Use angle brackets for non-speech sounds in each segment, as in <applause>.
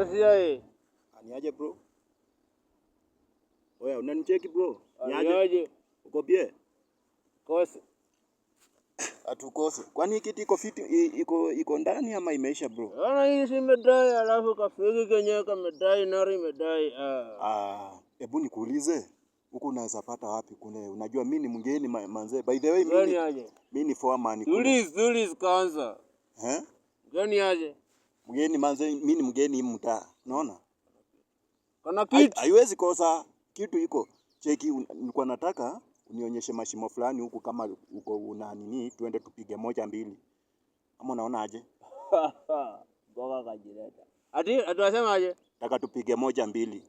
Asiai. Niaje bro? Oya, unanicheki bro? Niaje? Uko bie? Kose. Hatukose. Kwani kiti iko fiti iko iko ndani ama imeisha bro? Ona yaani hii si medai alafu kafiki kenyewe kamedai nari medai. Ah. Ah, hebu nikuulize. Huko unaweza pata wapi kule? Unajua mimi ni mgeni manzee. By the way mimi mimi yaani ni foreman. Tuliz, tuliz kwanza. Eh? Gani aje? mgeni manze, mimi ni mgeni mtaa, unaona kuna kitu haiwezi kosa kitu iko cheki. Nilikuwa nataka unionyeshe mashimo fulani huku, kama uko una nini, tuende tupige moja mbili, ama unaona aje? Ngoga <laughs> kajileta ati atasema taka tupige moja mbili.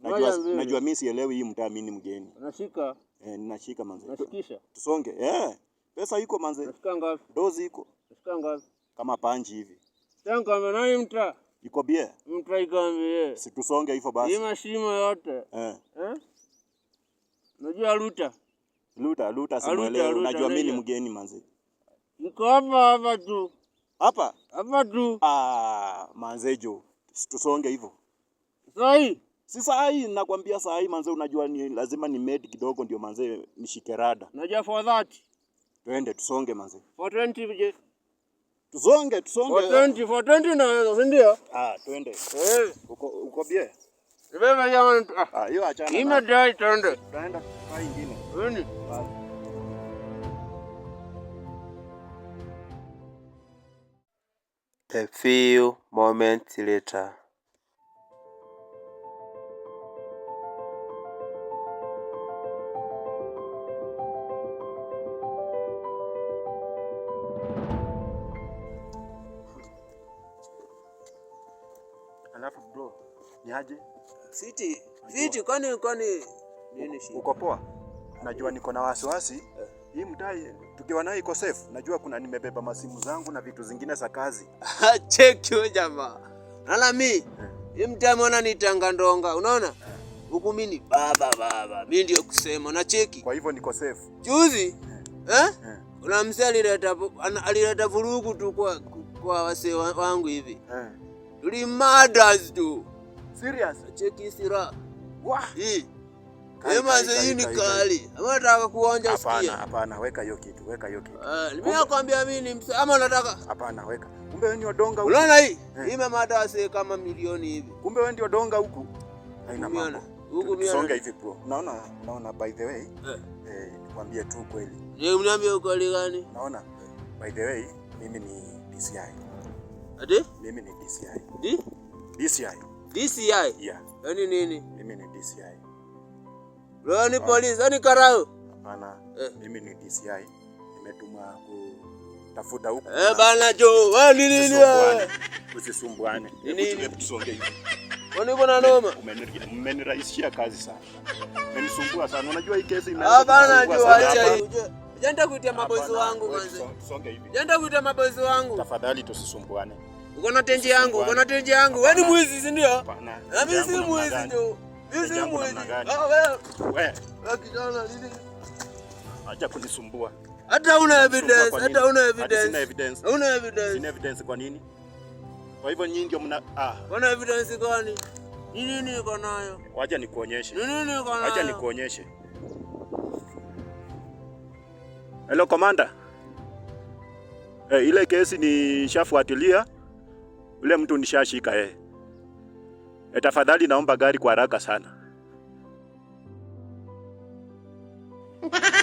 Najua, najua mimi sielewi hii mtaa, mimi ni mgeni. Unashika eh? Ninashika manze, Unashikisha tusonge eh. Pesa iko manze, Unashika ngapi? Dozi iko, Unashika ngapi? Kama panji hivi Iko bie. mta iko bie. ikwambie, eh. situsonge hivyo basi, mashimo yote eh. Eh? Najua Luta Luta Luta, simuelewi. Ah, unajua mimi ni mgeni manzi, niko hapa hapa tu hapa hapa tu. Ah, manzejo, situsonge hivyo sai Si saa hii nakwambia, saa hii manzee, unajua ni lazima ni med kidogo, ndio manzee nishike rada. Najua for that. Twende tusonge manzee. For 20 je. tusonge. For 20 for 20 si ndio? Ah, twende. Eh, uko uko bie. jamani. Ah. ah, hiyo achana. twende. kwa nyingine. A few moments later. Alafu bro, ni aje? Fiti. Fiti kwani kwani nini shida? Uko poa? Najua niko na wasiwasi. Eh. Hii mtai tukiwa nayo iko safe. Najua kuna nimebeba masimu zangu na vitu zingine za kazi. <laughs> Check yo jamaa. Nala mi. Eh. Hii mtai mwana ni tanga ndonga, unaona? Eh. Huku mimi baba baba. Mimi ndio kusema na cheki. Kwa hivyo niko safe. Juzi? Eh? Kuna eh. alileta alileta vurugu tu kwa kwa wasee wangu hivi. Eh reminders tu. Serious? Cheki sira. Wah. Hii. Kama hii ni kali. Ama nataka kuonja sikia. Hapana, hapana, weka hiyo kitu, weka hiyo kitu. Ah, mimi nakwambia mimi ni msa. ama unataka? Hapana, weka. Kumbe wewe ndio donga huko. Unaona hii? Eh. Hii mamada si eh, kama milioni hivi. Kumbe wewe ndio donga huko. Haina maana. Huko mimi songa hivi bro. Naona, naona by the way. Eh, eh nikwambie tu kweli. Je, unaambia ukweli gani? Naona. By the way, mimi ni DCI. Ati? Mimi ni DCI. D? DCI. DCI? Yeah. Yaani nini? Mimi ni DCI. Leo ni polisi, yani karao. Hapana. Eh. Mimi ni DCI. Nimetuma tafuta huko. Eh, bana jo, wewe ni nini Usisumbuane. Nini? Tusonge hivi. Kwani kuna noma? Umenirahisishia kazi sana. Umenisumbua sana. Unajua hii kesi imeanza. Ah, bana jo, acha hiyo. Jenda kuitia mabozi wangu kwanza. Tusonge hivi. Jenda kuitia mabozi wangu. Tafadhali tusisumbuane uko na tenje yangu, uko na tenje yangu. Wewe ni yaani mwizi, si ndio? Na mimi yaani si mwizi ndio. Mimi si mwizi. Ah wewe. Wewe. Kijana nini? Acha kunisumbua. Hata una evidence, hata una evidence. Sina evidence. Una evidence. Sina evidence kwa nini? Kwa hivyo nyinyi ndio mna ah. Una evidence gani? Ni nini uko nayo? Wacha nikuonyeshe. Ni nini uko nayo? Wacha nikuonyeshe. Hello, Commander. Eh, ile kesi ni nishafuatilia Ule mtu nishashika yeye. Eh. E, tafadhali naomba gari kwa haraka sana. <laughs>